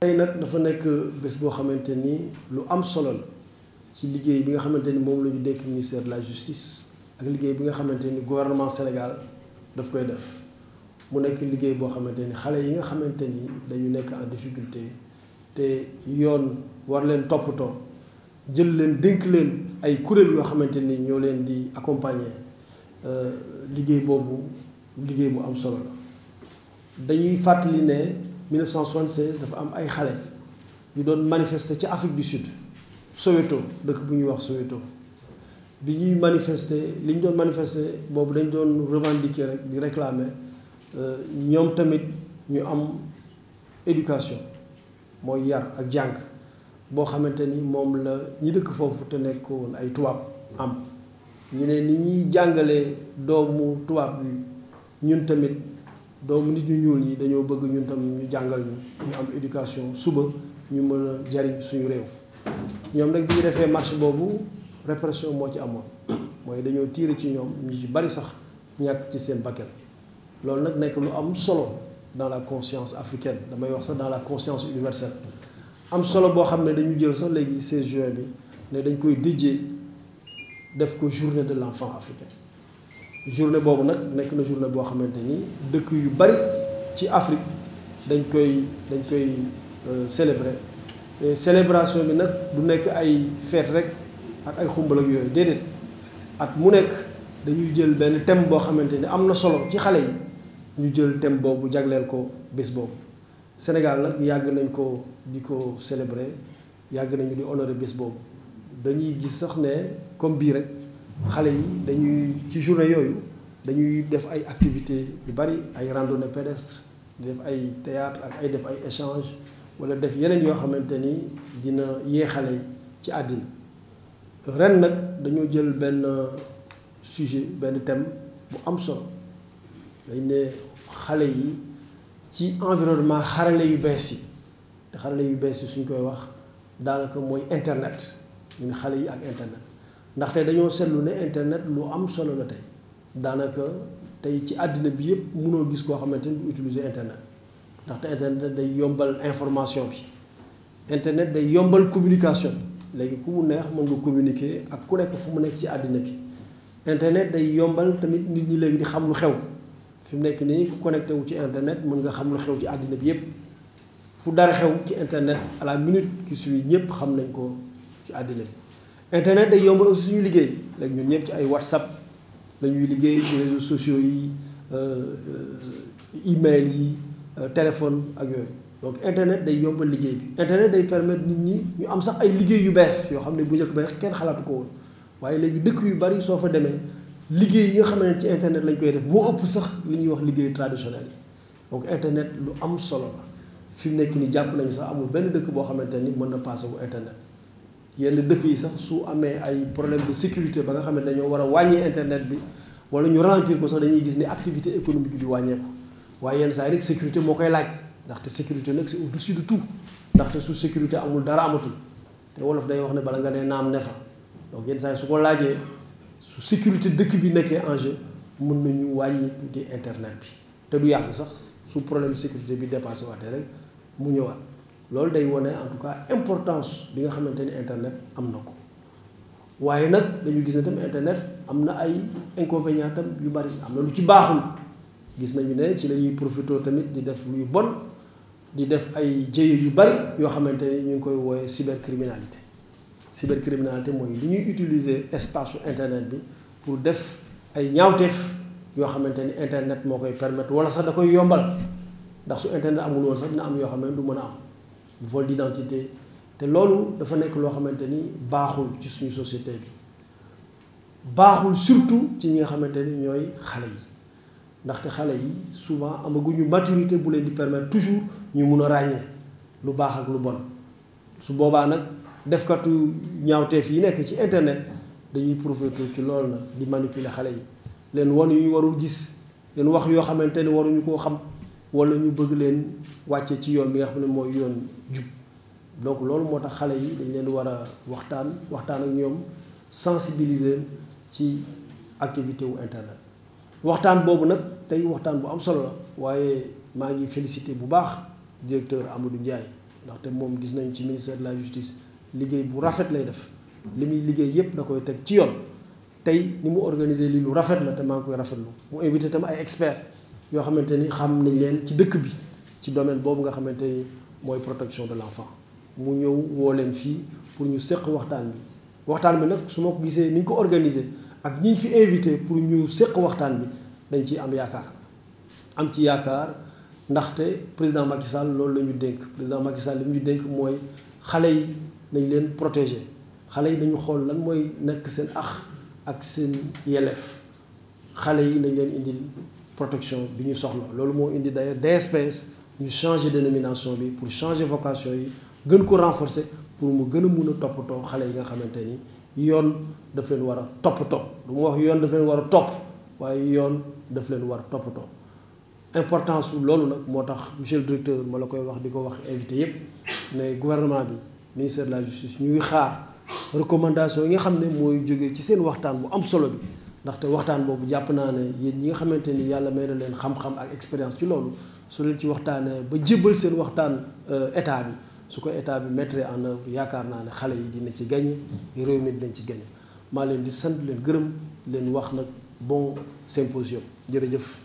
tey nag dafa nekk bés boo xamante ni lu am solo la ci liggéey bi nga xamante ni moom lañu ñu ministère de la justice ak liggéey bi nga xamante ni gouvernement Sénégal daf koy def mu nekk liggéey boo xamante ni xale yi nga xamante ni dañu nekk en difficulté te yoon war leen toppatoo jël leen dénk leen ay kuréel yoo xamante ni ñoo leen di accompagner. Euh, liggéey boobu liggéey bu am solo la dañuy fàttali ne 1976 dafa am ay xale yu doon manifester ci Afrique du Sud Soweto dëkk bu ñuy wax Soweto bi ñuy manifester li ñu doon manifester boobu dañ doon revendiquer rek di réclamer euh, ñoom tamit ñu am éducation mooy yar ak jàng boo xamante ni moom la ñi dëkk foofu te nekk woon ay tubaab am. ñu ne ni ñuy jàngalee doomu tubaab bi ñun tamit doomu nit ñu ñuul ñi dañoo bëgg ñun tam ñu jàngal ñu ñu am éducation suba ñu mën a jariñ suñu réew ñoom nag bi ñu defee boobu répression moo ci amoon mooy dañoo tiire ci ñoom ñu ci bari sax ñàkk ci seen bakkan loolu nag nekk lu am solo dans la conscience africaine damay wax sax dans la conscience universelle am solo boo xam ne dañu jël sax léegi 16 juin bi ne dañ koy déjee def ko journée de l' enfant africain journée boobu nag nekk na journée boo xamante ni dëkk yu bari ci Afrique dañ koy dañ koy euh, célébrer et bi nag du nekk ay fête rek ak ay xumbal yooyu déedéet at mu nekk dañuy jël benn thème boo xamante ni am na solo ci xale yi ñu jël thème boobu jagleel ko bés boobu Sénégal nag yàgg nañ ko di ko célébrer yàgg nañu di honorer bés boobu. dañuy gis sax ne comme bii rek xale yi dañuy ci journée yooyu dañuy def ay activités yu bari ay randonnée pédestre di def ay théâtre ak ay def ay échange wala def yeneen yoo xamante ni dina yee yi ci àddina ren nag dañoo jël benn sujet benn thème bu am solo dañ ne xale yi ci environnement xarale yu bees yi te xarale yu bees yi suñ koy wax daanaka mooy internet ñun xale yi ak internet ndaxte dañoo seetlu ne internet lu am solo la tey daanaka tey ci àddina bi yëpp munoo gis koo xamante ni du utiliser internet ndaxte internet day yombal information bi internet day yombal communication léegi ku neex mën nga communiquer ak ku nekk fu mu nekk ci àddina bi internet day yombal tamit nit ñi léegi di xam lu xew fi mu nekk nii ku connecté wu ci internet mën nga xam lu xew ci àddina bi yëpp fu dara xew ci internet à minute qui suit ñëpp xam nañ ko ci àddina bi internet day yombal suñu liggéey léegi ñun ñëpp ci ay whatsapp la ñuy liggéey ci réseaux sociaux yi euh, euh, yi euh, téléphone ak yooyu donc internet day yombal liggéey bi internet day permettre nit ñi ñu am sax ay liggéey yu bees yoo xam ne bu njëkk ba kenn xalaatu ko woon waaye léegi dëkk yu bari soo fa demee liggéey yi nga xam ci internet lañ koy def boo ëpp sax li ñuy wax liggéey traditionnel yi donc internet lu am solo la fi mu nekk nii jàpp nañu sax amul benn dëkk boo xamante ni mën na passé bu internet yenn dëkk yi sax su amee ay problème de sécurité ba nga xam ne dañoo war a wàññi internet bi wala ñu ralentir ko sax dañuy gis ni activité économique bi di wàññeeku waaye yenn saa yi nag sécurité moo koy laaj ndaxte sécurité nag c'est au de tout ndaxte su sécurité amul dara amatul te wolof day wax ne bala nga ne naam ne fa donc yenn saa yi su ko laajee su sécurité dëkk bi nekkee en jeu na ñu wàññi tuuti internet bi te du yàgg sax su problème sécurité bi dépassé waatee rek mu ñëwaat. loolu day wone en tout cas importance bi nga xamante ni internet am na ko waaye nag dañu gis ne tam internet am na ay inconvénients tam yu bari am na lu ci baaxul gis nañu ne ci la ñuy profité tamit di def luy bon di def ay jëye yu bari yoo xamante ni ñu ngi koy wooye cybercriminalité cybercriminalité mooy lu ñuy utiliser espace internet bi pour def ay ñaawteef yoo xamante ni internet moo koy permettre wala sax da koy yombal ndax su internet amul woon am yoo xam ne du mën a vol d'identité te loolu dafa nekk loo xamante ni baaxul ci suñu société bi baaxul surtout ci ñi nga xamante ni ñooy xale yi ndaxte xale yi souvent amaguñu maturité bu leen di permettre toujours ñu mun a ràññee lu baax ak lu bon su boobaa nag def defkatu ñaawteef yi nekk ci internet dañuy profité ci loolu nag di manipuler xale yi leen won yu warul gis leen wax yoo xamante ni waruñu koo xam wala ñu bëgg leen wàccee ci yoon bi nga xam ne mooy yoon jub donc loolu moo tax xale yi dañ leen war a waxtaan waxtaan ak ñoom sensibiliser ci activité wu internet waxtaan boobu nag tey waxtaan bu am solo la waaye maa ngi félicité bu baax directeur Amadou Ndiaye ndaxte moom gis nañu ci ministère de la justice liggéey bu rafet lay def li muy liggéey yépp da koy teg ci yoon tey ni mu organiser lii lu rafet la te maa ngi koy rafetlu mu invité tam ay experts. yoo xamante ni xam nañ leen ci dëkk bi ci domaine boobu nga xamante ni mooy protection de l'enfant mu ñëw woo leen fii pour ñu séq waxtaan bi waxtaan bi nag su ma ko gisee ni ñu ko organisé ak ñi ñu fi invité pour ñu séq waxtaan bi dañ ciy am yaakaar am ci yaakaar ndaxte président Macky Sall loolu la ñu dénk président Macky Sall li mu ñu dénk mooy xale yi nañ leen protéger xale yi nañu xool lan mooy nekk seen ax ak seen yelleef xale yi nañ leen indil protection bi ñu soxla loolu moo indi d'ailleurs DSPS ñu changer dénomination bi pour changer vocation yi gën ko renforcer pour mu gën a mun a toppatoo xale yi nga xamante ni yoon daf leen war a toppatoo du mu wax yoon daf leen war a topp waaye yoon daf leen war a toppatoo importance su loolu nag moo tax monsieur le directeur ma la koy wax di ko wax invité yépp ne gouvernement bi ministère de la justice ñu ngi xaar recommandation yi nga xam ne mooy jógee ci seen waxtaan bu am solo bi ndaxte waxtaan boobu jàpp naa ne yéen ñi nga xamante ni yàlla may na leen xam-xam ak expérience ci loolu su leen ci waxtaanee ba jébbal seen waxtaan euh, état bi su ko état bi mettre en œuvre yaakaar naa ne xale yi dina ci gagné réew mi dinañ ci gagné maa leen di sant leen gërëm leen wax nag bon symposium jërëjëf.